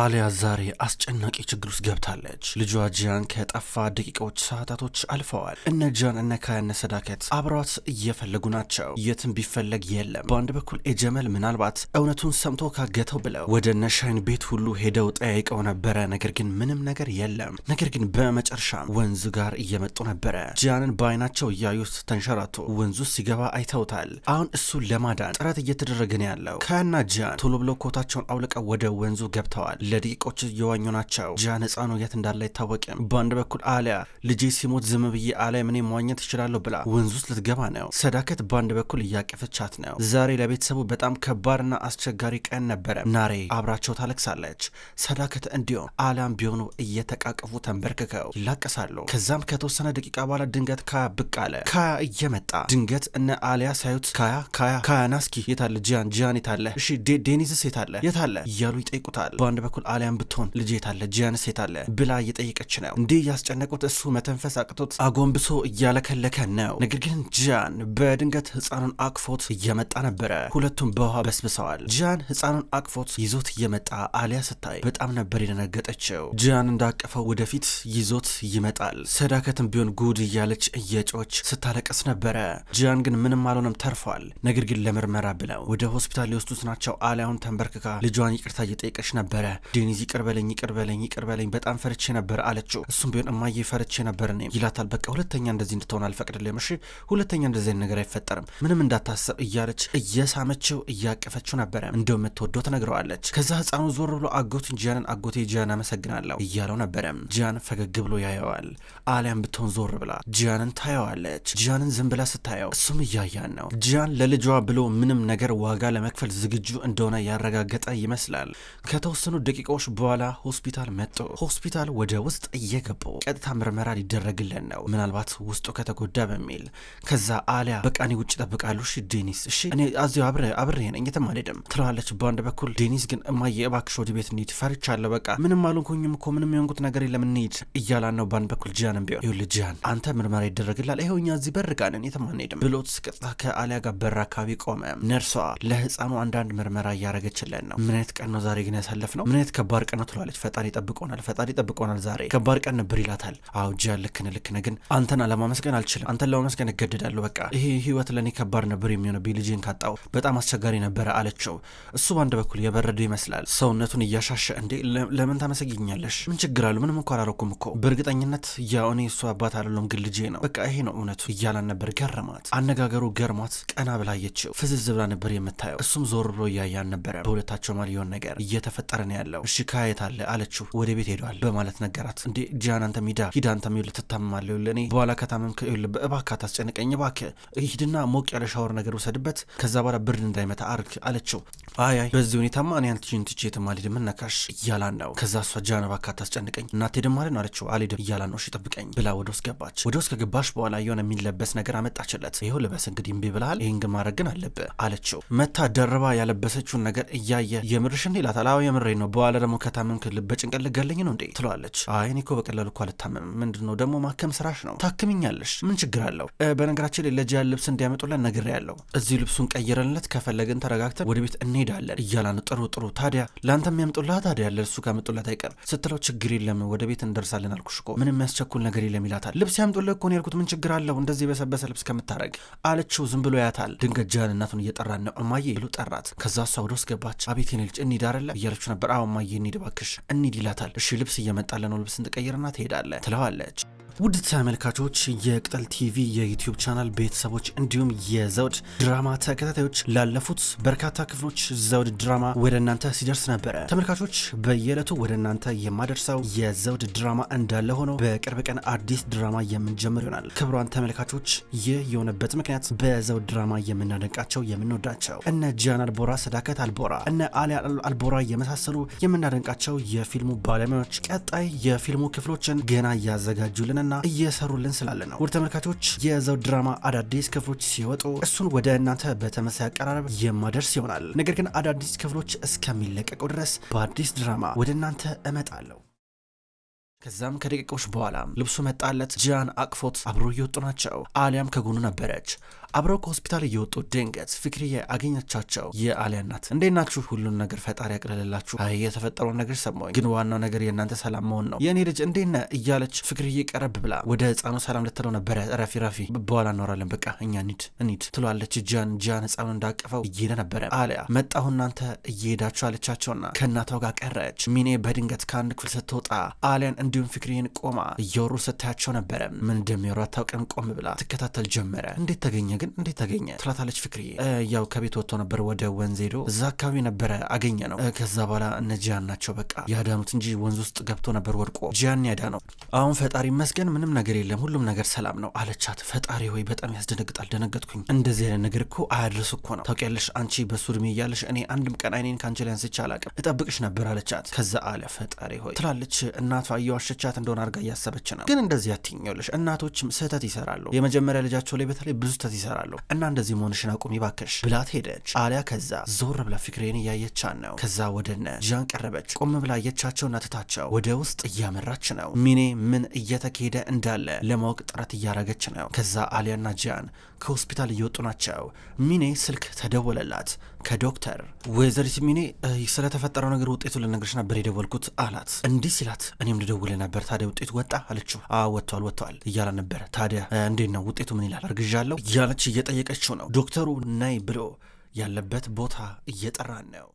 አሊያ ዛሬ አስጨናቂ ችግር ውስጥ ገብታለች። ልጇ ጂያን ከጠፋ ደቂቃዎች፣ ሰዓታቶች አልፈዋል። እነ ጂያን እነ ካያነ ሰዳከት አብሯት እየፈለጉ ናቸው። የትም ቢፈለግ የለም። በአንድ በኩል ኤጀመል ምናልባት እውነቱን ሰምቶ ካገተው ብለው ወደ ነሻይን ቤት ሁሉ ሄደው ጠያይቀው ነበረ። ነገር ግን ምንም ነገር የለም። ነገር ግን በመጨረሻም ወንዝ ጋር እየመጡ ነበረ። ጂያንን በአይናቸው እያዩት ተንሸራቶ ወንዙ ሲገባ አይተውታል። አሁን እሱን ለማዳን ጥረት እየተደረገ ነው ያለው። ካያና ጂያን ቶሎ ብለው ኮታቸውን አውልቀው ወደ ወንዙ ገብተዋል። ለደቂቆች እየዋኙ ናቸው። ጃን ህፃኑ የት እንዳለ አይታወቅም። በአንድ በኩል አሊያ ልጄ ሲሞት ዝም ብዬ አሊያ እኔ መዋኘት እችላለሁ ብላ ወንዝ ውስጥ ልትገባ ነው። ሰዳከት በአንድ በኩል እያቀፈቻት ነው። ዛሬ ለቤተሰቡ በጣም ከባድና አስቸጋሪ ቀን ነበረ። ናሬ አብራቸው ታለቅሳለች። ሰዳከት እንዲሁም አሊያም ቢሆኑ እየተቃቀፉ ተንበርክከው ይላቀሳሉ። ከዛም ከተወሰነ ደቂቃ በኋላ ድንገት ካያ ብቅ አለ። ካያ እየመጣ ድንገት እነ አሊያ ሳዩት ካያ ካያ ካያ ናስኪ የታለ ጂያን ጂያን የታለ እሺ ዴኒዝስ የታለ የታለ እያሉ ይጠይቁታል። በአንድ በኩል አሊያም ብትሆን ልጄ የታለ ጂያንስ አለ ብላ እየጠየቀች ነው። እንዲህ ያስጨነቁት እሱ መተንፈስ አቅቶት አጎንብሶ እያለከለከ ነው። ነገር ግን ጂያን በድንገት ህፃኑን አቅፎት እየመጣ ነበረ። ሁለቱም በውሃ በስብሰዋል። ጂያን ህፃኑን አቅፎት ይዞት እየመጣ አሊያ ስታይ በጣም ነበር የደነገጠችው። ጂያን እንዳቀፈው ወደፊት ይዞት ይመጣል። ሰዳከትም ቢሆን ጉድ እያለች እየጮች ስታለቀስ ነበረ። ጂያን ግን ምንም አልሆነም ተርፏል። ነገር ግን ለምርመራ ብለው ወደ ሆስፒታል ሊወስዱት ናቸው። አሊያውን ተንበርክካ ልጇን ይቅርታ እየጠየቀች ነበረ። ዴኒዝ ቅርበለኝ በለኝ ይቅር በጣም ፈርቼ ነበር አለችው። እሱም ቢሆን እማዬ ፈርቼ ነበር እኔም ይላታል። በቃ ሁለተኛ እንደዚህ እንድትሆን አልፈቅድልም፣ እሺ ሁለተኛ እንደዚህ ነገር አይፈጠርም፣ ምንም እንዳታስብ እያለች እየሳመችው እያቀፈችው ነበረ። የምትወደው ትነግረዋለች። ከዛ ህፃኑ ዞር ብሎ አጎቱን ጂያንን አጎቴ ጂያን አመሰግናለሁ እያለው ነበረ። ጂያን ፈገግ ብሎ ያየዋል። አሊያም ብትሆን ዞር ብላ ጂያንን ታየዋለች። ጂያንን ዝም ብላ ስታየው እሱም እያያን ነው። ጂያን ለልጇ ብሎ ምንም ነገር ዋጋ ለመክፈል ዝግጁ እንደሆነ ያረጋገጠ ይመስላል። ከተወሰኑ ደቂቃዎች በኋላ ሆስፒታል መጡ። ሆስፒታል ወደ ውስጥ እየገቡ ቀጥታ ምርመራ ሊደረግልን ነው፣ ምናልባት ውስጡ ከተጎዳ በሚል ከዛ አሊያ በቃ እኔ ውጭ እጠብቃሉ። እሺ ዴኒስ፣ እሺ እኔ እዚሁ አብሬ ነኝ፣ የትም አልሄድም ትለዋለች። በአንድ በኩል ዴኒስ ግን እማዬ እባክሽ ወደ ቤት እንሂድ፣ ፈርቻለሁ፣ በቃ ምንም አልሆንኩኝም እኮ ምንም የሆንኩት ነገር የለም፣ እንሂድ እያላን ነው። በአንድ በኩል ጂያንም ቢሆን ይኸውልህ ጂያን፣ አንተ ምርመራ ይደረግላል፣ ይኸው እኛ እዚህ በር ጋር ነን፣ የትም አንሄድም ብሎት ቀጥታ ከአሊያ ጋር በር አካባቢ ቆመ። ነርሷ ለህፃኑ አንዳንድ ምርመራ እያረገችለን ነው። ምን አይነት ቀን ነው ዛሬ ግን ያሳለፍ ነው ምን አይነት ከባድ ቀና ትሏለች። ፈጣሪ ጠብቆናል፣ ፈጣሪ ጠብቆናል፣ ዛሬ ከባድ ቀን ነበር ይላታል። አዎ ጂያ ልክን ልክነ፣ ግን አንተን አለማመስገን አልችልም፣ አንተን ለማመስገን እገደዳለሁ። በቃ ይሄ ህይወት ለእኔ ከባድ ነበር የሚሆነብኝ፣ ልጄን ካጣው በጣም አስቸጋሪ ነበረ አለችው። እሱ በአንድ በኩል የበረደ ይመስላል፣ ሰውነቱን እያሻሸ እንዴ፣ ለምን ታመሰግኛለሽ? ምን ችግር አሉ? ምንም እንኳ አላረኩም እኮ በእርግጠኝነት ያው እኔ እሱ አባት አይደለም፣ ግን ልጄ ነው። በቃ ይሄ ነው እውነቱ እያላን ነበር። ገረማት፣ አነጋገሩ ገርሟት፣ ቀና ብላ አየችው። ፍዝዝ ብላ ነበር የምታየው። እሱም ዞር ብሎ እያያን ነበረ። በሁለታቸው ማል የሆን ነገር እየተፈጠረ ነው ያለ አለው። እሺ ከየት አለ አለችው። ወደ ቤት ሄዷል በማለት ነገራት። እንዴ ጂያን አንተ ሂዳ ሂድ አንተም ይኸውልህ ትታመማለህ፣ ይኸውልህ በኋላ ከታመምክ ይኸውልህ እባክህ አታስጨንቀኝ፣ እባክህ ሂድና ሞቅ ያለ ሻወር ነገር ውሰድበት፣ ከዛ በኋላ ብርድ እንዳይመታ አርግ አለችው። አይ አይ በዚህ ሁኔታማ እኔ አንቺን ትቼ የትም አልሄድም ነካሽ እያላን ነው። ከዛ እሷ ጂያን እባክህ አታስጨንቀኝ፣ እናቴ ደግሞ አለን አለችው። አልሄድም እያላን ነው። እሺ ጠብቀኝ ብላ ወደ ውስጥ ገባች። ወደ ውስጥ ከገባች በኋላ የሆነ የሚለበስ ነገር አመጣችለት። ይኸው ልበስ እንግዲህ እምቢ ብልሃል፣ ይህን ግን ማድረግን ግን አለብህ አለችው። መታ ደርባ ያለበሰችውን ነገር እያየ የምርሽን ይላታል። አዎ የምሬ ነው በኋላ ደግሞ ከታመምክ በጭንቀት ልገለኝ ነው እንዴ ትለዋለች። አይ እኔ እኮ በቀላሉ እኮ አልታመምም። ምንድን ነው ደግሞ ማከም ስራሽ ነው፣ ታክምኛለሽ፣ ምን ችግር አለው? በነገራችን ላይ ለጂያን ልብስ እንዲያመጡለን ነግሬያለሁ። እዚህ ልብሱን ቀይረንለት ከፈለግን ተረጋግተን ወደ ቤት እንሄዳለን እያላን ጥሩ ጥሩ ታዲያ ለአንተ የሚያምጡላት ታዲያ ለእሱ ካመጡላት አይቀር ስትለው ችግር የለም ወደ ቤት እንደርሳለን አልኩሽ እኮ ምንም የሚያስቸኩል ነገር የለም ይላታል። ልብስ ያምጡልህ እኮ ነው ያልኩት ምን ችግር አለው እንደዚህ የበሰበሰ ልብስ ከምታረግ አለችው። ዝም ብሎ ያታል። ድንገት ጂያን እናቱን እየጠራን ነው እማዬ ብሎ ጠራት። ከዛ እሷ ወደ ውስጥ ገባች። አቤት የኔ ልጅ እንሂድ አይደለ እያለችው ነበር አዎ እማዬ እንሂድ እባክሽ እንሂድ ይላታል። እሺ ልብስ እየመጣለ ነው ልብስን ትቀይርና ትሄዳለ ትለዋለች። ውድ ተመልካቾች የቅጠል ቲቪ የዩቲዩብ ቻናል ቤተሰቦች እንዲሁም የዘውድ ድራማ ተከታታዮች ላለፉት በርካታ ክፍሎች ዘውድ ድራማ ወደ እናንተ ሲደርስ ነበረ። ተመልካቾች በየዕለቱ ወደ እናንተ የማደርሰው የዘውድ ድራማ እንዳለ ሆኖ በቅርብ ቀን አዲስ ድራማ የምንጀምር ይሆናል። ክቡራን ተመልካቾች ይህ የሆነበት ምክንያት በዘውድ ድራማ የምናደንቃቸው የምንወዳቸው እነ ጃን አልቦራ፣ ሰዳከት አልቦራ፣ እነ አሊያ አልቦራ የመሳሰሉ የምናደንቃቸው የፊልሙ ባለሙያዎች ቀጣይ የፊልሙ ክፍሎችን ገና እያዘጋጁልን እየጻፉልንና እየሰሩልን ስላለ ነው። ውድ ተመልካቾች የዘውድ ድራማ አዳዲስ ክፍሎች ሲወጡ እሱን ወደ እናንተ በተመሳሳይ አቀራረብ የማደርስ ይሆናል። ነገር ግን አዳዲስ ክፍሎች እስከሚለቀቁ ድረስ በአዲስ ድራማ ወደ እናንተ እመጣለሁ። ከዛም ከደቂቃዎች በኋላ ልብሱ መጣለት። ጃን አቅፎት አብሮ እየወጡ ናቸው። አሊያም ከጎኑ ነበረች። አብረው ከሆስፒታል እየወጡ ድንገት ፍክርዬ አገኘቻቸው። የአሊያ እናት እንዴት ናችሁ? ሁሉን ነገር ፈጣሪ ያቅልልላችሁ። አይ የተፈጠረውን ነገር ሰማሁኝ፣ ግን ዋናው ነገር የእናንተ ሰላም መሆን ነው። የእኔ ልጅ እንዴት ነህ? እያለች ፍክርዬ ቀረብ ብላ ወደ ህፃኑ ሰላም ልትለው ነበረ። ረፊ ረፊ፣ በኋላ እናወራለን፣ በቃ እኛ ኒድ እኒድ ትሏለች። ጃን ጃን ህፃኑ እንዳቀፈው እየሄደ ነበረ። አሊያ መጣሁ እናንተ እየሄዳችሁ አለቻቸውና ከእናቷ ጋር ቀረች። ሚኔ በድንገት ከአንድ ክፍል ስትወጣ አሊያን እንዲሁም ፍክርዬን ቆማ እየወሩ ስታያቸው ነበረ። ምን እንደሚወሩ አታውቅም። ቆም ብላ ትከታተል ጀመረ። እንዴት ተገኘ ግን እንዴት ታገኘ ትላታለች ፍክርዬ። ያው ከቤት ወጥቶ ነበር ወደ ወንዝ ሄዶ እዛ አካባቢ ነበረ አገኘ ነው። ከዛ በኋላ እነ ጂያን ናቸው በቃ ያዳኑት እንጂ ወንዝ ውስጥ ገብቶ ነበር ወድቆ ጂያን ያዳ ነው። አሁን ፈጣሪ ይመስገን ምንም ነገር የለም፣ ሁሉም ነገር ሰላም ነው አለቻት። ፈጣሪ ሆይ በጣም ያስደነግጣል፣ ደነገጥኩኝ። እንደዚህ አይነት ነገር እኮ አያድርስ እኮ ነው። ታውቂያለሽ አንቺ በሱ እድሜ እያለሽ እኔ አንድም ቀን አይኔን ከአንቺ ላይ አንስቼ አላቅም፣ እጠብቅሽ ነበር አለቻት። ከዛ አለ ፈጣሪ ሆይ ትላለች እናቷ እየዋሸቻት እንደሆነ አድርጋ እያሰበች ነው። ግን እንደዚህ አትይኝ፣ ይኸውልሽ እናቶችም ስህተት ይሰራሉ። የመጀመሪያ ልጃቸው ላይ በተለይ ብዙ ስህተት ይሰራሉ። እሰራለሁ እና እንደዚህ መሆንሽን አቁሚ ባክሽ ብላት ሄደች። አሊያ ከዛ ዞር ብላ ፍክሬን እያየቻን ነው። ከዛ ወደነ ጃን ቀረበች። ቆም ብላ አየቻቸውና ትታቸው ወደ ውስጥ እያመራች ነው። ሚኔ ምን እየተካሄደ እንዳለ ለማወቅ ጥረት እያረገች ነው። ከዛ አሊያና ጃን ከሆስፒታል እየወጡ ናቸው። ሚኔ ስልክ ተደወለላት። ከዶክተር ወይዘሪት ሚኔ ስለተፈጠረው ነገር ውጤቱ ልነግርሽ ነበር የደወልኩት አላት። እንዲህ ሲላት እኔም ልደውል ነበር ታዲያ ውጤቱ ወጣ አለችው። ወጥተዋል ወጥተዋል እያላ ነበረ። ታዲያ እንዴት ነው ውጤቱ ምን ይላል እርግዣለሁ እያለች እየጠየቀችው ነው። ዶክተሩ ናይ ብሎ ያለበት ቦታ እየጠራን ነው።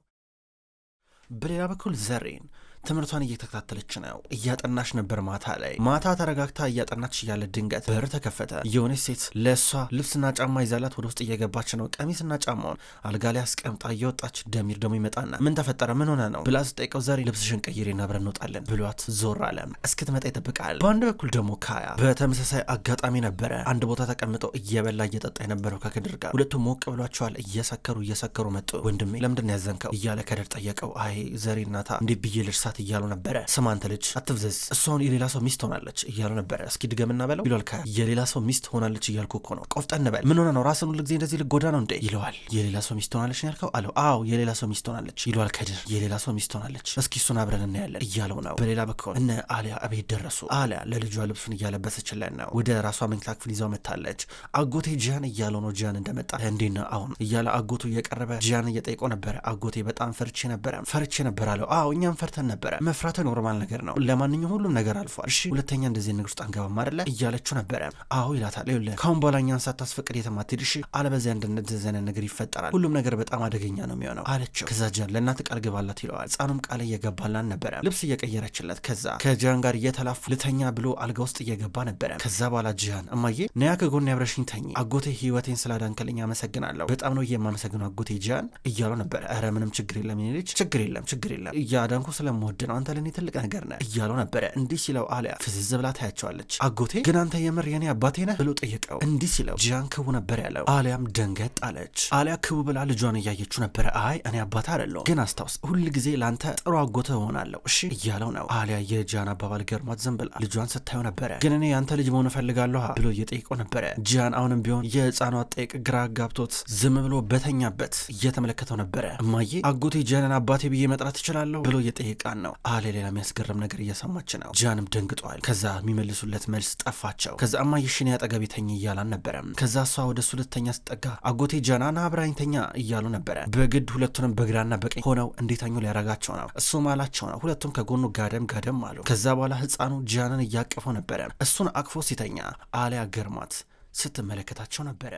በሌላ በኩል ዘሬን ትምህርቷን እየተከታተለች ነው። እያጠናች ነበር ማታ ላይ። ማታ ተረጋግታ እያጠናች እያለ ድንገት በር ተከፈተ። የሆነች ሴት ለእሷ ልብስና ጫማ ይዛላት ወደ ውስጥ እየገባች ነው። ቀሚስና ጫማውን አልጋ ላይ አስቀምጣ እየወጣች ደሚር ደግሞ ይመጣና ምን ተፈጠረ ምን ሆነ ነው ብላ ስጠይቀው ዛሬ ልብስሽን ቀይሬና ብረን እንወጣለን ብሏት ዞር አለ። እስክትመጣ ይጠብቃል። በአንድ በኩል ደግሞ ካያ በተመሳሳይ አጋጣሚ ነበረ። አንድ ቦታ ተቀምጠው እየበላ እየጠጣ የነበረው ከክድር ጋር ሁለቱም ሞቅ ብሏቸዋል። እየሰከሩ እየሰከሩ መጡ። ወንድሜ ለምንድን ያዘንከው እያለ ከድር ጠየቀው። አይ ዘሬ እናታ እንዴት ብዬ ልርሳት ናት እያሉ ነበረ። ስማ አንተ ልጅ አትፍዘዝ፣ እሷን የሌላ ሰው ሚስት ሆናለች እያሉ ነበረ። እስኪ ድገምና በለው ይሏል። ከ የሌላ ሰው ሚስት ሆናለች እያልኩ እኮ ነው። ቆፍጠን በል ምን ሆነ ነው ራስን ጊዜ እንደዚህ ልጎዳ ነው እንዴ ይለዋል። የሌላ ሰው ሚስት ሆናለች ነው ያልከው አለው። አዎ የሌላ ሰው ሚስት ሆናለች ይለዋል። ከድር የሌላ ሰው ሚስት ሆናለች፣ እስኪ እሱን አብረን እናያለን እያለው ነው። በሌላ በኩል እነ አሊያ እቤት ደረሱ። አሊያ ለልጇ ልብሱን እያለበሰችለን ነው። ወደ ራሷ መኝታ ክፍል ይዘው መታለች። አጎቴ ጂያን እያለው ነው። ጂያን እንደመጣ እንዴና አሁን እያለ አጎቱ እየቀረበ ጂያን እየጠየቀው ነበረ። አጎቴ በጣም ፈርቼ ነበረ ፈርቼ ነበር አለው። አዎ እኛም ፈርተን ነበር ነበረ። መፍራት ኖርማል ነገር ነው። ለማንኛውም ሁሉም ነገር አልፏል። እሺ ሁለተኛ እንደዚህ ነገር ውስጥ አንገባም አይደለ እያለችው ነበረ። አዎ ይላታል። ይለ ካሁን በኋላ እኛን ሳታስፈቅድ የተማትሄድ እሺ፣ አለበዚያ እንደነዘዘነ ነገር ይፈጠራል። ሁሉም ነገር በጣም አደገኛ ነው የሚሆነው አለችው። ከዛ ጃን ለእናት ቃል ግባላት ይለዋል። ህፃኑም ቃል እየገባላን ነበረ። ልብስ እየቀየረችለት ከዛ ከጃን ጋር እየተላፉ ልተኛ ብሎ አልጋ ውስጥ እየገባ ነበረ። ከዛ በኋላ ጃን እማዬ ነያ ከጎን ያብረሽኝ ተኝ፣ አጎቴ ህይወቴን ስላዳንከልኝ አመሰግናለሁ፣ በጣም ነው የማመሰግነው አጎቴ ጃን እያለው ነበረ። ኧረ ምንም ችግር የለም ልጅ፣ ችግር የለም ችግር የለም እያዳንኩ ስለምወድ ውድ ነው፣ አንተ ለእኔ ትልቅ ነገር ነህ እያለው ነበረ። እንዲህ ሲለው አሊያ ፍዝዝ ብላ ታያቸዋለች። አጎቴ ግን አንተ የምር የኔ አባቴ ነህ ብሎ ጠየቀው። እንዲህ ሲለው ጂያን ክቡ ነበር ያለው። አሊያም ደንገጥ አለች። አሊያ ክቡ ብላ ልጇን እያየችው ነበረ። አይ እኔ አባት አይደለሁም፣ ግን አስታውስ ሁል ጊዜ ለአንተ ጥሩ አጎተ እሆናለሁ እሺ እያለው ነው። አሊያ የጂያን አባባል ገርሟት ዘን ብላ ልጇን ስታየው ነበረ። ግን እኔ ያንተ ልጅ መሆን እፈልጋለሁ ብሎ እየጠየቀው ነበረ። ጂያን አሁንም ቢሆን የህፃኗ ጠይቅ ግራ ጋብቶት ዝም ብሎ በተኛበት እየተመለከተው ነበረ። እማዬ አጎቴ ጂያንን አባቴ ብዬ መጥራት ትችላለሁ ብሎ እየጠየቃ ጃን ነው አለ። ሌላ የሚያስገርም ነገር እየሰማች ነው። ጃንም ደንግጧል። ከዛ የሚመልሱለት መልስ ጠፋቸው። ከዛ እማየሽን ያጠገቤ ተኝ እያል አልነበረም። ከዛ እሷ ወደ እሱ ልተኛ ስጠጋ አጎቴ ጃናና አብራኝ ተኛ እያሉ ነበረ። በግድ ሁለቱንም በግራና በቀኝ ሆነው እንዲተኙ ሊያረጋቸው ነው። እሱም አላቸው ነው። ሁለቱም ከጎኑ ጋደም ጋደም አሉ። ከዛ በኋላ ህፃኑ ጃንን እያቀፈው ነበረ። እሱን አቅፎ ሲተኛ አሊያ ገርማት ስትመለከታቸው ነበረ።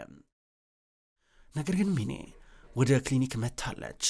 ነገር ግን ሚኔ ወደ ክሊኒክ መታለች።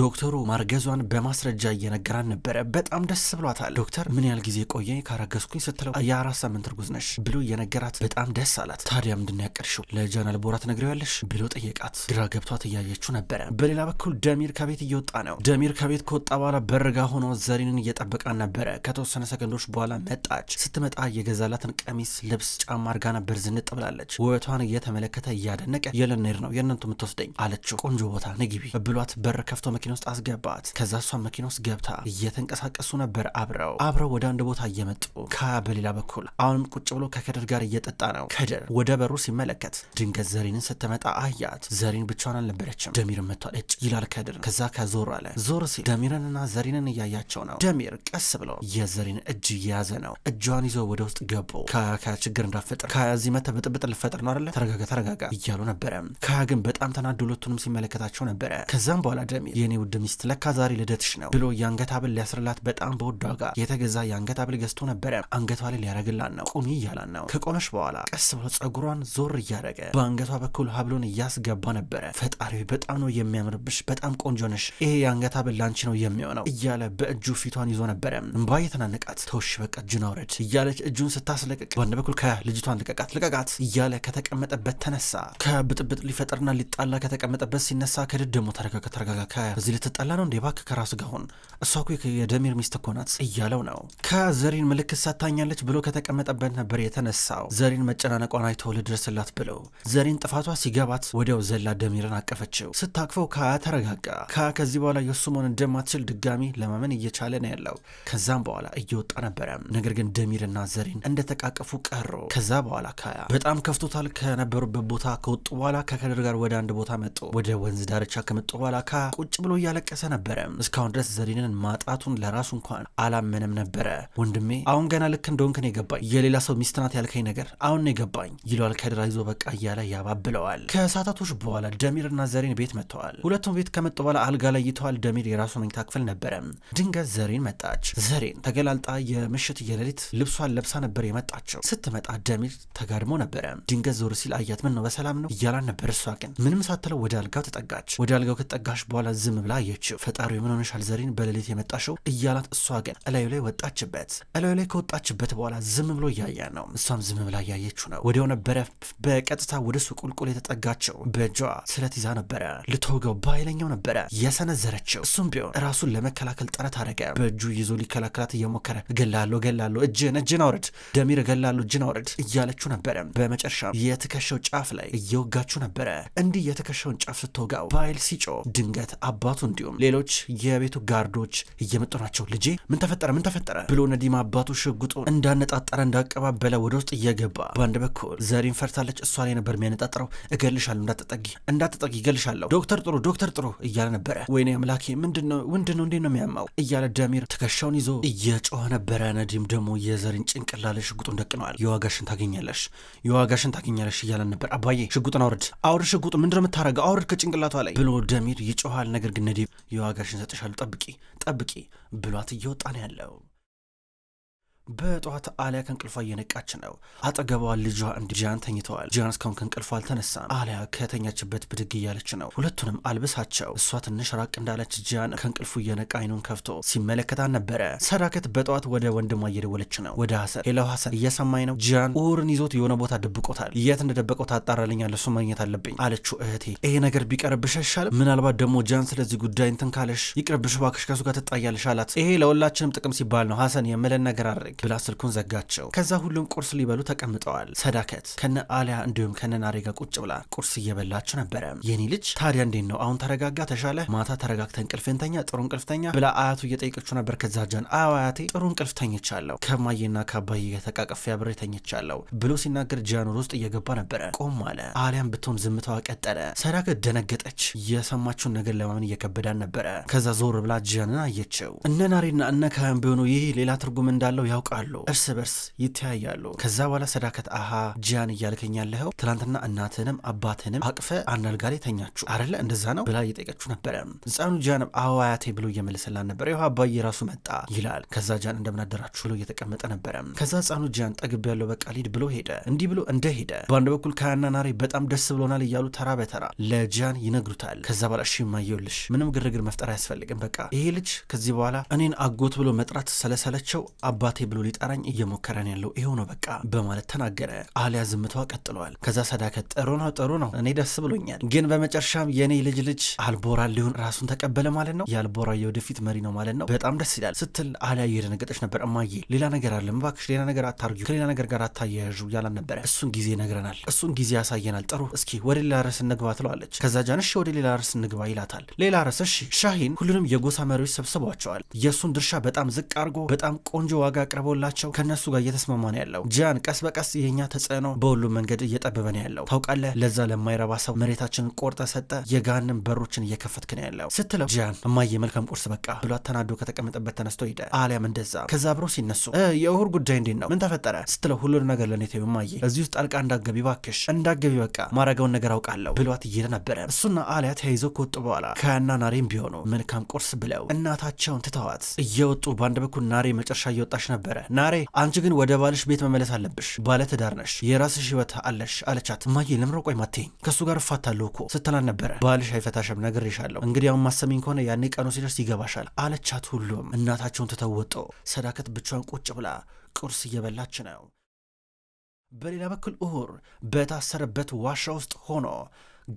ዶክተሩ ማርገዟን በማስረጃ እየነገራን ነበረ። በጣም ደስ ብሏታል። ዶክተር ምን ያህል ጊዜ ቆየኝ ካረገዝኩኝ ስትለው የአራት ሳምንት እርጉዝ ነሽ ብሎ እየነገራት በጣም ደስ አላት። ታዲያ ምንድን ያቀድሽው ለጃናል ቦራ ትነግሪዋለሽ ብሎ ጠየቃት። ግራ ገብቷት እያየችው ነበረ። በሌላ በኩል ደሚር ከቤት እየወጣ ነው። ደሚር ከቤት ከወጣ በኋላ በርጋ ሆኖ ዘሪንን እየጠበቃን ነበረ። ከተወሰነ ሰከንዶች በኋላ መጣች። ስትመጣ የገዛላትን ቀሚስ፣ ልብስ፣ ጫማ አርጋ ነበር። ዝንጥ ብላለች። ውበቷን እየተመለከተ እያደነቀ የለኔር ነው የእነንቱ የምትወስደኝ አለችው ቆንጆ ቦታ ንግቢ ብሏት በር ከፍቶ መኪና ውስጥ አስገባት። ከዛ እሷ መኪና ውስጥ ገብታ እየተንቀሳቀሱ ነበር አብረው አብረው ወደ አንድ ቦታ እየመጡ ካ በሌላ በኩል አሁንም ቁጭ ብሎ ከከድር ጋር እየጠጣ ነው። ከድር ወደ በሩ ሲመለከት ድንገት ዘሪንን ስትመጣ አያት። ዘሪን ብቻዋን አልነበረችም፣ ደሚርን መጥቷል እጭ ይላል ከድር። ከዛ ከዞር አለ ዞር ሲል ደሚርንና ዘሪንን እያያቸው ነው። ደሚር ቀስ ብሎ የዘሪን እጅ እየያዘ ነው። እጇን ይዞ ወደ ውስጥ ገቡ። ከያ ችግር እንዳፈጥር ከዚህ መተ ብጥብጥ ልፈጥር ነው አለ ተረጋጋ ተረጋጋ እያሉ ነበረ። ከያ ግን በጣም ተናዶ ሁለቱንም ሲመለከት እየተመለከታቸው ነበረ። ከዛም በኋላ ደሚር የእኔ ውድ ሚስት ለካ ዛሬ ልደትሽ ነው ብሎ የአንገት ሀብል ሊያስርላት በጣም በውድ ዋጋ የተገዛ የአንገት ሀብል ገዝቶ ነበረ። አንገቷ ላይ ሊያረግላት ነው። ቁሚ እያላን ነው። ከቆመች በኋላ ቀስ ብሎ ጸጉሯን ዞር እያደረገ በአንገቷ በኩል ሀብሉን እያስገባ ነበረ። ፈጣሪ በጣም ነው የሚያምርብሽ፣ በጣም ቆንጆ ነሽ፣ ይሄ የአንገት ሀብል ላንቺ ነው የሚሆነው እያለ በእጁ ፊቷን ይዞ ነበረ። እምባ የተናነቃት ተውሽ፣ በቃ እጁን አውረድ እያለች እጁን ስታስለቅቅ በአንድ በኩል ከልጅቷን ልቀቃት፣ ልቀቃት እያለ ከተቀመጠበት ተነሳ። ከብጥብጥ ሊፈጠርና ሊጣላ ከተቀመጠበት ሲነ ሲነሳ ከድድ ደግሞ ተረጋጋ ተረጋጋ፣ ከዚህ ልትጠላ ነው እንዴ? ባክ ከራስ ጋር ሁን። እሷ እኮ የደሚር ሚስት እኮ ናት እያለው ነው። ከዘሪን ምልክት ሰታኛለች ብሎ ከተቀመጠበት ነበር የተነሳው። ዘሪን መጨናነቋን አይቶ ልድረስላት ብሎ ዘሪን ጥፋቷ ሲገባት ወዲያው ዘላ ደሚርን አቀፈችው። ስታቅፈው ከ ተረጋጋ ከ ከዚህ በኋላ የሱ መሆን እንደማትችል ድጋሚ ለማመን እየቻለ ነው ያለው። ከዛም በኋላ እየወጣ ነበረ። ነገር ግን ደሚርና ዘሪን እንደተቃቀፉ ቀሩ። ከዛ በኋላ ከያ በጣም ከፍቶታል። ከነበሩበት ቦታ ከወጡ በኋላ ከከድር ጋር ወደ አንድ ቦታ መጡ ወደ ወንዝ ዳርቻ ከመጡ በኋላ ካ ቁጭ ብሎ እያለቀሰ ነበረ። እስካሁን ድረስ ዘሪንን ማጣቱን ለራሱ እንኳን አላመነም ነበረ። ወንድሜ አሁን ገና ልክ እንደሆንክ ነው የገባኝ። የሌላ ሰው ሚስት ናት ያልከኝ ነገር አሁን ነው የገባኝ ይለዋል። ከድራ ይዞ በቃ እያለ ያባብለዋል። ከሰዓታቶች በኋላ ደሚርና ዘሬን ቤት መጥተዋል። ሁለቱም ቤት ከመጡ በኋላ አልጋ ላይ ይተዋል። ደሚር የራሱ መኝታ ክፍል ነበረ። ድንገት ዘሬን መጣች። ዘሬን ተገላልጣ የምሽት የሌሊት ልብሷን ለብሳ ነበር የመጣቸው። ስትመጣ ደሚር ተጋድሞ ነበረ። ድንገት ዞር ሲል አያት። ምን ነው በሰላም ነው እያላን ነበር። እሷ ግን ምንም ሳትለው ወደ አልጋው ተጠ ተጠጋች። ወደ አልጋው ከተጠጋሽ በኋላ ዝም ብላ አየችው። ፈጣሪ ምን ሆነሻል ዘሪን በሌሊት የመጣሽው እያላት፣ እሷ ግን እላዩ ላይ ወጣችበት። እላዩ ላይ ከወጣችበት በኋላ ዝም ብሎ እያያ ነው። እሷም ዝም ብላ እያየችው ነው። ወዲያው ነበረ በቀጥታ ወደ እሱ ቁልቁል የተጠጋችው። በእጇ ስለት ይዛ ነበረ። ልትወገው በኃይለኛው ነበረ የሰነዘረችው። እሱም ቢሆን ራሱን ለመከላከል ጥረት አደረገ። በእጁ ይዞ ሊከላከላት እየሞከረ እገላለሁ፣ እገላለሁ፣ እጅን እጅን አውርድ ደሚር፣ እገላለሁ፣ እጅን አውርድ እያለችው ነበረ። በመጨረሻ የትከሻው ጫፍ ላይ እየወጋችው ነበረ። እንዲህ የትከሻውን ጫፍ ስትወጋ ሲወጋው በኃይል ሲጮ ድንገት አባቱ እንዲሁም ሌሎች የቤቱ ጋርዶች እየመጡ ናቸው። ልጄ ምን ተፈጠረ? ምን ተፈጠረ? ብሎ ነዲም አባቱ ሽጉጡን እንዳነጣጠረ እንዳቀባበለ ወደ ውስጥ እየገባ በአንድ በኩል ዘሪን ፈርታለች። እሷ ላይ ነበር የሚያነጣጥረው። እገልሻለሁ፣ እንዳትጠጊ፣ እንዳትጠጊ እገልሻለሁ፣ ዶክተር ጥሩ፣ ዶክተር ጥሩ እያለ ነበረ። ወይኔ አምላኬ፣ ምንድነው? ምንድነው? ምንድን ነው እንዴት ነው የሚያማው? እያለ ደሚር ትከሻውን ይዞ እየጮኸ ነበረ። ነዲም ደግሞ የዘሪን ጭንቅላ ላይ ሽጉጡን ደቅነዋል። የዋጋሽን ታገኛለሽ፣ የዋጋሽን ታገኛለሽ እያለ ነበር። አባዬ ሽጉጡን አውርድ፣ አውርድ፣ ሽጉጡ ምንድነው የምታረገው? አውርድ ከጭንቅላ ጭንቅላቷ ላይ ብሎ ደሚር ይጮኋል። ነገር ግን ነዲብ የዋጋሽን ሰጥሻሉ፣ ጠብቂ ጠብቂ ብሏት እየወጣ ነው ያለው። በጠዋት አሊያ ከእንቅልፏ እየነቃች ነው። አጠገቧ ልጇ እንዲ ጂያን ተኝተዋል። ጂያን እስካሁን ከእንቅልፏ አልተነሳም። አሊያ ከተኛችበት ብድግ እያለች ነው። ሁለቱንም አልብሳቸው። እሷ ትንሽ ራቅ እንዳለች ጂያን ከእንቅልፉ እየነቃ አይኑን ከፍቶ ሲመለከታን ነበረ። ሰዳከት በጠዋት ወደ ወንድሟ እየደወለች ነው። ወደ ሀሰን ሄላው፣ ሀሰን እየሰማኝ ነው። ጂያን ኡርን ይዞት የሆነ ቦታ ደብቆታል። የት እንደደበቀው ታጣራልኛለህ። እሱ ማግኘት አለብኝ አለችው። እህቴ ይሄ ነገር ቢቀርብሽ አይሻልም? ምናልባት ደግሞ ጂያን ስለዚህ ጉዳይ እንትን ካለሽ ይቅርብሽ እባክሽ፣ ከሱ ጋር ትጣያለሽ አላት። ይሄ ለሁላችንም ጥቅም ሲባል ነው ሀሰን የምለን ነገር አድርግ ብላ ስልኩን ዘጋቸው። ከዛ ሁሉም ቁርስ ሊበሉ ተቀምጠዋል። ሰዳከት ከነ አሊያ እንዲሁም ከነ ናሬ ጋር ቁጭ ብላ ቁርስ እየበላቸው ነበረ። የኔ ልጅ ታዲያ እንዴት ነው አሁን ተረጋጋ፣ ተሻለ ማታ ተረጋግተ እንቅልፍንተኛ ጥሩ እንቅልፍተኛ ብላ አያቱ እየጠየቀችው ነበር። ከዛ ጃን አዎ አያቴ ጥሩ እንቅልፍ ተኝቻለሁ፣ ከማዬና ከአባዬ የተቃቀፍ ያብሬ ተኝቻለሁ ብሎ ሲናገር ጃኖር ውስጥ እየገባ ነበረ። ቆም አለ። አሊያም ብትሆን ዝምታዋ ቀጠለ። ሰዳከት ደነገጠች። የሰማችውን ነገር ለማመን እየከበዳን ነበረ። ከዛ ዞር ብላ ጃንን አየችው። እነ ናሬና እነ ካህን ቢሆኑ ይህ ሌላ ትርጉም እንዳለው ያው ያውቃሉ፣ እርስ በርስ ይተያያሉ። ከዛ በኋላ ሰዳከት አሃ ጂያን እያልከኝ ያለኸው ትናንትና እናትንም አባትንም አቅፈ አንድ አልጋ ላይ ተኛችሁ እንደዛ ነው ብላ እየጠየቀችው ነበረ። ህፃኑ ጂያን አዎ አያቴ ብሎ እየመለሰላን ነበረ። ይኸው አባዬ ራሱ መጣ ይላል። ከዛ ጂያን እንደምናደራችሁ ብሎ እየተቀመጠ ነበረ። ከዛ ህፃኑ ጂያን ጠግብ ያለው በቃ ሊድ ብሎ ሄደ። እንዲህ ብሎ እንደ ሄደ በአንድ በኩል ካያና ናሬ በጣም ደስ ብሎናል እያሉ ተራ በተራ ለጂያን ይነግሩታል። ከዛ በኋላ እሺ ማየውልሽ ምንም ግርግር መፍጠር አያስፈልግም። በቃ ይሄ ልጅ ከዚህ በኋላ እኔን አጎት ብሎ መጥራት ስለሰለቸው አባቴ ብሎ ሊጠራኝ እየሞከረን ያለው ይሄው ነው በቃ በማለት ተናገረ። አሊያ ዝምታዋ ቀጥለዋል። ከዛ ሰዳከት ጥሩ ነው ጥሩ ነው እኔ ደስ ብሎኛል፣ ግን በመጨረሻም የእኔ ልጅ ልጅ አልቦራ ሊሆን ራሱን ተቀበለ ማለት ነው የአልቦራ የወደፊት መሪ ነው ማለት ነው በጣም ደስ ይላል ስትል አሊያ እየደነገጠች ነበር። እማዬ ሌላ ነገር አለ እባክሽ ሌላ ነገር አታርጊ፣ ከሌላ ነገር ጋር አታያያዡ ያላን ነበረ። እሱን ጊዜ ነግረናል፣ እሱን ጊዜ ያሳየናል። ጥሩ እስኪ ወደ ሌላ ርዕስ እንግባ ትለዋለች። ከዛ ጃን እሺ ወደ ሌላ ርዕስ እንግባ ይላታል። ሌላ ርዕስ እሺ ሻሂን ሁሉንም የጎሳ መሪዎች ሰብስቧቸዋል። የእሱን ድርሻ በጣም ዝቅ አድርጎ በጣም ቆንጆ ዋጋ አቅርቦ ቀርቦላቸው ከነሱ ጋር እየተስማማ ነው ያለው። ጂያን ቀስ በቀስ የኛ ተጽዕኖ በሁሉም መንገድ እየጠበበ ነው ያለው ታውቃለህ፣ ለዛ ለማይረባ ሰው መሬታችንን ቆርጠ ሰጠ የጋንም በሮችን እየከፈትክ ነው ያለው ስትለው ጂያን እማዬ መልካም ቁርስ በቃ ብሎ ተናዶ ከተቀመጠበት ተነስቶ ሄደ። አሊያም እንደዛ ከዛ አብሮ ሲነሱ የእሁድ ጉዳይ እንዴት ነው ምን ተፈጠረ ስትለው ሁሉን ነገር ለእኔ ተይው እማዬ፣ እዚህ ውስጥ ጣልቃ እንዳገቢ ባክሽ እንዳገቢ በቃ ማረገውን ነገር አውቃለሁ ብሏት እየሄደ ነበረ። እሱና አሊያ ተያይዘው ከወጡ በኋላ ከያና ናሬም ቢሆኑ መልካም ቁርስ ብለው እናታቸውን ትተዋት እየወጡ በአንድ በኩል ናሬ መጨረሻ እየወጣች ነበር ጀመረ። ናሬ አንቺ ግን ወደ ባልሽ ቤት መመለስ አለብሽ፣ ባለትዳር ነሽ፣ የራስሽ ህይወት አለሽ አለቻት። እማዬ ለምረ ቆይ ማትኝ ከእሱ ጋር እፋታለሁ እኮ ስትላን ነበረ። ባልሽ አይፈታሽም ነግሬሻለሁ። እንግዲህ አሁን ማሰሚኝ ከሆነ ያኔ ቀኑ ሲደርስ ይገባሻል አለቻት። ሁሉም እናታቸውን ተተወጦ ሰዳከት ብቻዋን ቁጭ ብላ ቁርስ እየበላች ነው። በሌላ በኩል እሁር በታሰረበት ዋሻ ውስጥ ሆኖ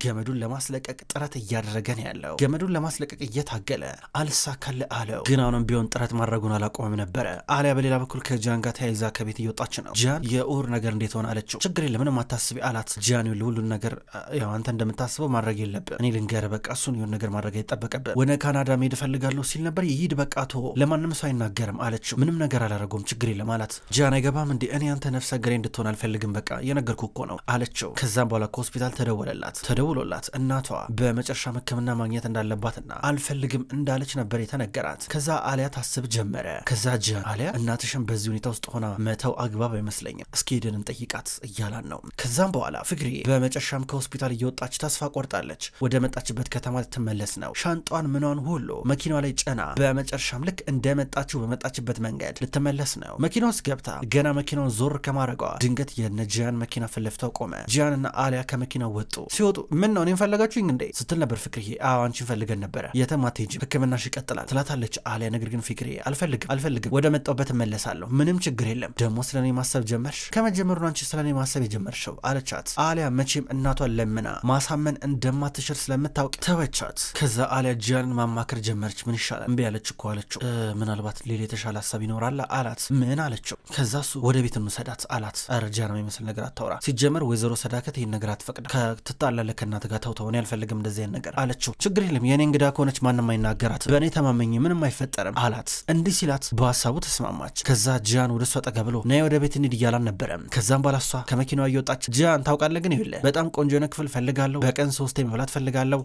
ገመዱን ለማስለቀቅ ጥረት እያደረገ ነው ያለው። ገመዱን ለማስለቀቅ እየታገለ አልሳካለ አለው። ግን አሁንም ቢሆን ጥረት ማድረጉን አላቆመም ነበረ። አሊያ በሌላ በኩል ከጃን ጋር ተያይዛ ከቤት እየወጣች ነው። ጃን የኡር ነገር እንዴት ሆነ አለችው። ችግር የለም ምንም አታስቢ አላት። ጃን ሁሉን ነገር ያው አንተ እንደምታስበው ማድረግ የለብህ እኔ ልንገርህ፣ በቃ እሱን የሆነ ነገር ማድረግ አይጠበቅብህ። ወደ ካናዳ መሄድ እፈልጋለሁ ሲል ነበር። ይሂድ በቃ ቶ ለማንም ሰው አይናገርም አለችው። ምንም ነገር አላደረገውም ችግር የለም አላት። ጃን አይገባም እንዴ እኔ አንተ ነፍሰ ገሬ እንድትሆን አልፈልግም። በቃ የነገርኩህ እኮ ነው አለችው። ከዛም በኋላ ከሆስፒታል ተደወለላት ደውሎላት እናቷ በመጨረሻ ሕክምና ማግኘት እንዳለባትና አልፈልግም እንዳለች ነበር የተነገራት። ከዛ አሊያ ታስብ ጀመረ። ከዛ ጀ አሊያ እናትሽን በዚህ ሁኔታ ውስጥ ሆና መተው አግባብ አይመስለኝም፣ እስኪ ሄደን እንጠይቃት እያላን ነው። ከዛም በኋላ ፍግሬ በመጨረሻም ከሆስፒታል እየወጣች ተስፋ ቆርጣለች። ወደ መጣችበት ከተማ ልትመለስ ነው። ሻንጧን ምኗን ሁሉ መኪናዋ ላይ ጭና በመጨረሻም ልክ እንደመጣችው በመጣችበት መንገድ ልትመለስ ነው። መኪና ውስጥ ገብታ ገና መኪናውን ዞር ከማድረጓ ድንገት የነ ጂያን መኪና ፊት ለፊቷ ቆመ። ጂያንና አሊያ ከመኪናው ወጡ። ሲወጡ ምን ነው እኔን ፈለጋችሁኝ እንዴ ስትል ነበር ፍቅርዬ። አዎ አንቺን ፈልገን ነበረ፣ የትም አትሄጂም፣ ሕክምናሽ ይቀጥላል ትላታለች አሊያ። ነገር ግን ፍቅርዬ አልፈልግም፣ አልፈልግም፣ ወደ መጣሁበት እመለሳለሁ፣ ምንም ችግር የለም። ደግሞ ስለኔ ማሰብ ጀመርሽ? ከመጀመሩ አንቺ ስለኔ ማሰብ የጀመርሽው አለቻት አሊያ። መቼም እናቷን ለምና ማሳመን እንደማትችል ስለምታውቅ ተወቻት። ከዛ አሊያ ጂያንን ማማከር ጀመረች። ምን ይሻላል እምቢ ያለች እኮ አለችው። ምናልባት ሌላ የተሻለ ሀሳብ ይኖራል አላት። ምን አለችው። ከዛ እሱ ወደ ቤት እንውሰዳት አላት። ኧረ ነው የሚመስል ነገር አታውራ። ሲጀመር ወይዘሮ ሰዳከት ይህን ነገር አትፈቅድ ትጣላለህ ከእናት ጋር ተውተው እኔ አልፈልግም እንደዚህ አይነት ነገር አለችው። ችግር የለም የእኔ እንግዳ ከሆነች ማንም አይናገራት፣ በእኔ ተማመኝ፣ ምንም አይፈጠርም አላት። እንዲህ ሲላት በሀሳቡ ተስማማች። ከዛ ጂያን ወደ እሷ ጠጋ ብሎ ነይ ወደ ቤት እንሂድ እያላን ነበረ። ከዛም ባላሷ እሷ ከመኪናዋ እየወጣች ጂያን ታውቃለህ፣ ግን ይኸውልህ በጣም ቆንጆ የሆነ ክፍል ፈልጋለሁ፣ በቀን ሶስቴ መብላት ፈልጋለሁ፣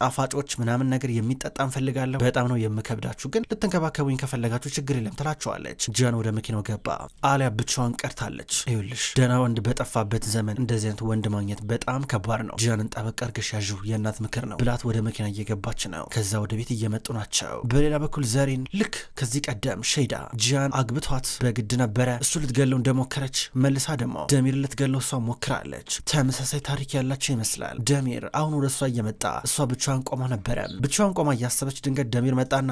ጣፋጮች ምናምን ነገር የሚጠጣ ፈልጋለሁ። በጣም ነው የምከብዳችሁ፣ ግን ልትንከባከቡኝ ከፈለጋችሁ ችግር የለም ትላቸዋለች። ጂያን ወደ መኪናው ገባ። አሊያ ብቻዋን ቀርታለች። ይኸውልሽ ደህና ወንድ በጠፋበት ዘመን እንደዚህ አይነት ወንድ ማግኘት በጣም ከባድ ነው። ጂያንን ጠበቅ አርገሽ ያዥ የእናት ምክር ነው ብላት ወደ መኪና እየገባች ነው። ከዛ ወደ ቤት እየመጡ ናቸው። በሌላ በኩል ዘሬን ልክ ከዚህ ቀደም ሸይዳ ጂያን አግብቷት በግድ ነበረ እሱ ልትገለው እንደሞከረች መልሳ ደግሞ ደሚር ልትገለው እሷ ሞክራለች። ተመሳሳይ ታሪክ ያላቸው ይመስላል። ደሚር አሁን ወደ እሷ እየመጣ እሷ ብቻዋን ቆማ ነበረ። ብቻዋን ቆማ እያሰበች ድንገት ደሚር መጣና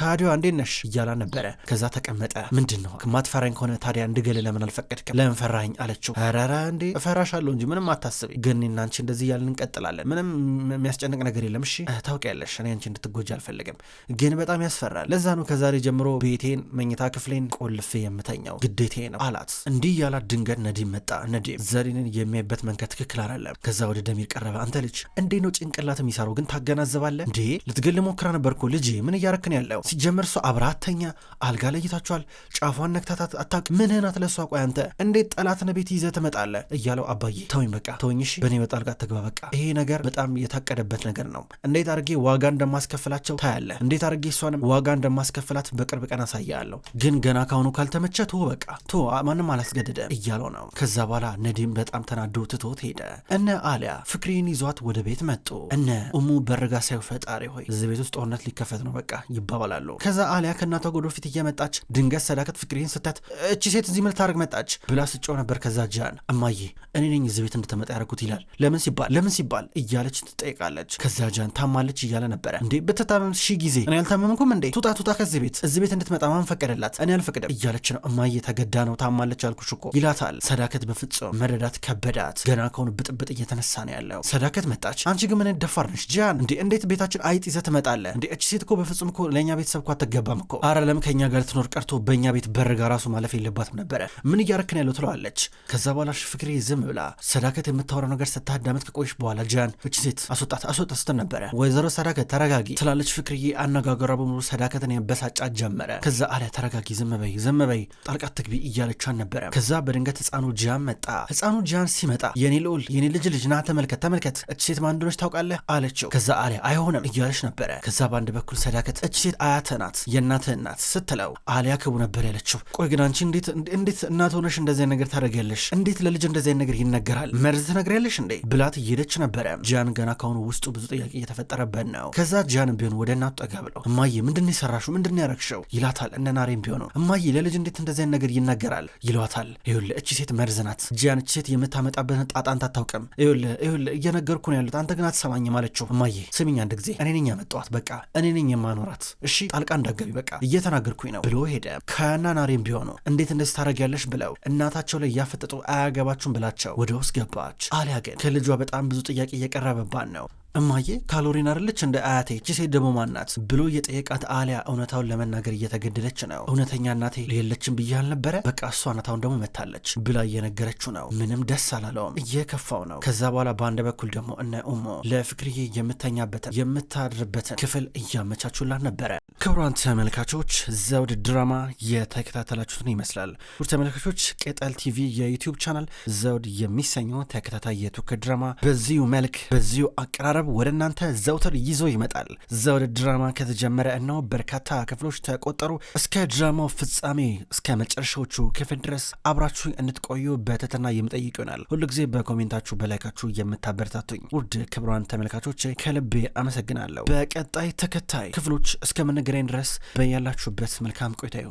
ከአዲዋ እንዴት ነሽ እያላ ነበረ። ከዛ ተቀመጠ። ምንድን ነው ማትፈራኝ ከሆነ ታዲያ እንድገል ለምን አልፈቀድክም? ለምን ፈራኝ አለችው። ረረ እንዴ እፈራሻለሁ እንጂ ምንም አታስቢ፣ ግን እናንቺ እንደዚህ እያልን እንቀጥላለን። ምንም የሚያስጨንቅ ነገር የለም። እሺ ታውቂያለሽ፣ እኔ አንቺ እንድትጎጂ አልፈልግም፣ ግን በጣም ያስፈራል። ለዛ ነው ከዛሬ ጀምሮ ቤቴን፣ መኝታ ክፍሌን ቆልፌ የምተኛው ግዴቴ ነው አላት። እንዲህ እያላት ድንገት ነዲም መጣ። ነዲም ዘሪንን የሚያይበት መንከት ትክክል አይደለም። ከዛ ወደ ደሚር ቀረበ። አንተ ልጅ እንዴ ነው ጭንቅላት የሚሰራው ግን ታገናዘባለህ እንዴ? ልትገል ሞክራ ነበር እኮ ልጅ። ምን እያረክን ያለው ሲጀመር እሷ አብራ አተኛ አልጋ ለይታችኋል። ጫፏን ነክታታት አታውቅ። ምንህን አትለሷ። ቆይ አንተ እንዴት ጠላትን ቤት ይዘህ ትመጣለህ? እያለው አባዬ ተወኝ በቃ ተወኝ፣ እሺ በእኔ በጣልቃ ተግባ በቃ ይሄ ነገር በጣም የታቀደበት ነገር ነው። እንዴት አድርጌ ዋጋ እንደማስከፍላቸው ታያለህ። እንዴት አድርጌ እሷንም ዋጋ እንደማስከፍላት በቅርብ ቀን አሳያለሁ። ግን ገና ካሁኑ ካልተመቸ ቶ በቃ ቶ ማንም አላስገደደ እያለው ነው። ከዛ በኋላ ነዲም በጣም ተናዶ ትቶት ሄደ። እነ አሊያ ፍቅሬን ይዟት ወደ ቤት መጡ። እነ እሙ በርጋ ሳይው ፈጣሪ ሆይ እዚህ ቤት ውስጥ ጦርነት ሊከፈት ነው በቃ ይባባላሉ። ከዛ አሊያ ከእናቷ ጎዶ ፊት እየመጣች ድንገት ሰዳከት ፍቅሬን ስታት እቺ ሴት እዚህ ምን መጣች ብላ ስጮ ነበር። ከዛ ጃን እማዬ እኔ ነኝ እዚህ ቤት እንድትመጣ ያደረኩት ይላል። ለምን ሲባል ለምን ለምን ሲባል እያለች ትጠይቃለች። ከዚያ ጃን ታማለች እያለ ነበረ። እንዴ በተታመም ሺ ጊዜ እኔ አልታመምኩም እንዴ? ቱጣ ቱጣ ከዚህ ቤት እዚህ ቤት እንድትመጣ ማን ፈቀደላት? እኔ አልፈቅደም እያለች ነው። እማዬ ተገዳ ነው ታማለች አልኩሽ እኮ ይላታል። ሰዳከት በፍጹም መረዳት ከበዳት። ገና ከሆኑ ብጥብጥ እየተነሳ ነው ያለው። ሰዳከት መጣች። አንቺ ግን ምን ደፋር ነሽ ጃን! እንዴ እንዴት ቤታችን አይጥ ይዘ ትመጣለ እንዴ? እች ሴት እኮ በፍጹም እኮ ለእኛ ቤተሰብ እኮ አትገባም እኮ። አረ ለም ከእኛ ጋር ትኖር ቀርቶ በእኛ ቤት በር በርጋ ራሱ ማለፍ የለባትም ነበረ። ምን እያረክን ያለው ትለዋለች። ከዛ በኋላ ፍክሬ ዝም ብላ ሰዳከት የምታወራው ነገር ስታዳመጥ ከቆየሽ በኋላ ጃን እች ሴት አስወጣት አስወጣት ስትል ነበረ። ወይዘሮ ሰዳከት ተረጋጊ ትላለች ፍቅርዬ አነጋገሯ በሙሉ ሰዳከትን ያበሳጫት ጀመረ። ከዛ አሊያ ተረጋጊ፣ ዘመበይ ዘመበይ ጣልቃት ትግቢ እያለቿን ነበረ። ከዛ በድንገት ህፃኑ ጃን መጣ። ህፃኑ ጃን ሲመጣ የኔ ልዑል የኔ ልጅ ልጅ ና ተመልከት ተመልከት፣ እች ሴት ማን እንደሆነች ታውቃለህ አለችው። ከዛ አሊያ አይሆንም እያለች ነበረ። ከዛ በአንድ በኩል ሰዳከት እች ሴት አያትህ ናት የእናትህ እናት ስትለው አሊያ ክቡ ነበር ያለችው። ቆይ ግን አንቺ እንዴት እንዴት እናት ሆነሽ እንደዚህ ነገር ታደርጊያለሽ? እንዴት ለልጅ እንደዚህ ነገር ይነገራል? መርዝ ትነግሪያለሽ እንዴ ብላት እየሄደች እያለች ነበረ። ጃን ገና ካሁኑ ውስጡ ብዙ ጥያቄ እየተፈጠረበት ነው። ከዛ ጃን ቢሆን ወደ እናቱ ጠጋ ብለው እማዬ ምንድን የሰራሹ ምንድን ያረግሸው ይላታል። እነ ናሬም ቢሆኑ እማዬ ለልጅ እንዴት እንደዚህ ነገር ይናገራል ይሏታል። ይሁል እቺ ሴት መርዝ ናት። ጂያን እቺ ሴት የምታመጣበትን ጣጣ አታውቅም። ይሁል ይሁል እየነገርኩ ነው ያሉት አንተ ግን አትሰማኝም አለችው። እማዬ ስሚኝ አንድ ጊዜ እኔ ነኝ ያመጣዋት፣ በቃ እኔ ነኝ የማኖራት። እሺ ጣልቃ እንዳገቢ በቃ እየተናገርኩኝ ነው ብሎ ሄደ። ከና ናሬም ቢሆኑ እንዴት እንደዚህ ታደርጊያለሽ ብለው እናታቸው ላይ እያፈጠጡ አያገባችሁም ብላቸው ወደ ውስጥ ገባች። አሊያ ግን ከልጇ በጣም ብዙ ጥያቄ እየቀረበባት ነው። እማዬ ካሎሪን አይደለች እንደ አያቴ ቺሴ ደግሞ ማናት ብሎ የጠየቃት አሊያ እውነታውን ለመናገር እየተገደደች ነው። እውነተኛ እናቴ ሌለችም ብዬ አልነበረ በቃ እሷ እውነታውን ደግሞ መታለች ብላ እየነገረችው ነው። ምንም ደስ አላለውም፣ እየከፋው ነው። ከዛ በኋላ በአንድ በኩል ደግሞ እነ ኡሞ ለፍክርዬ የምተኛበትን የምታድርበትን ክፍል እያመቻቹላት ነበረ። ክቡራን ተመልካቾች ዘውድ ድራማ የተከታተላችሁትን ይመስላል። ሁር ተመልካቾች ቅጠል ቲቪ የዩቲዩብ ቻናል ዘውድ የሚሰኘው ተከታታይ የቱርክ ድራማ በዚሁ መልክ በዚሁ አቀራረ በማቅረብ ወደ እናንተ ዘውትር ይዞ ይመጣል። ዘውድ ድራማ ከተጀመረ እነው በርካታ ክፍሎች ተቆጠሩ። እስከ ድራማው ፍጻሜ እስከ መጨረሻዎቹ ክፍል ድረስ አብራችሁ እንድትቆዩ በትህትና የምጠይቅ ይሆናል። ሁሉ ጊዜ በኮሜንታችሁ በላይካችሁ የምታበረታቱኝ ውድ ክብሯን ተመልካቾች ከልቤ አመሰግናለሁ። በቀጣይ ተከታይ ክፍሎች እስከምንገናኝ ድረስ በያላችሁበት መልካም ቆይታ ይሆን።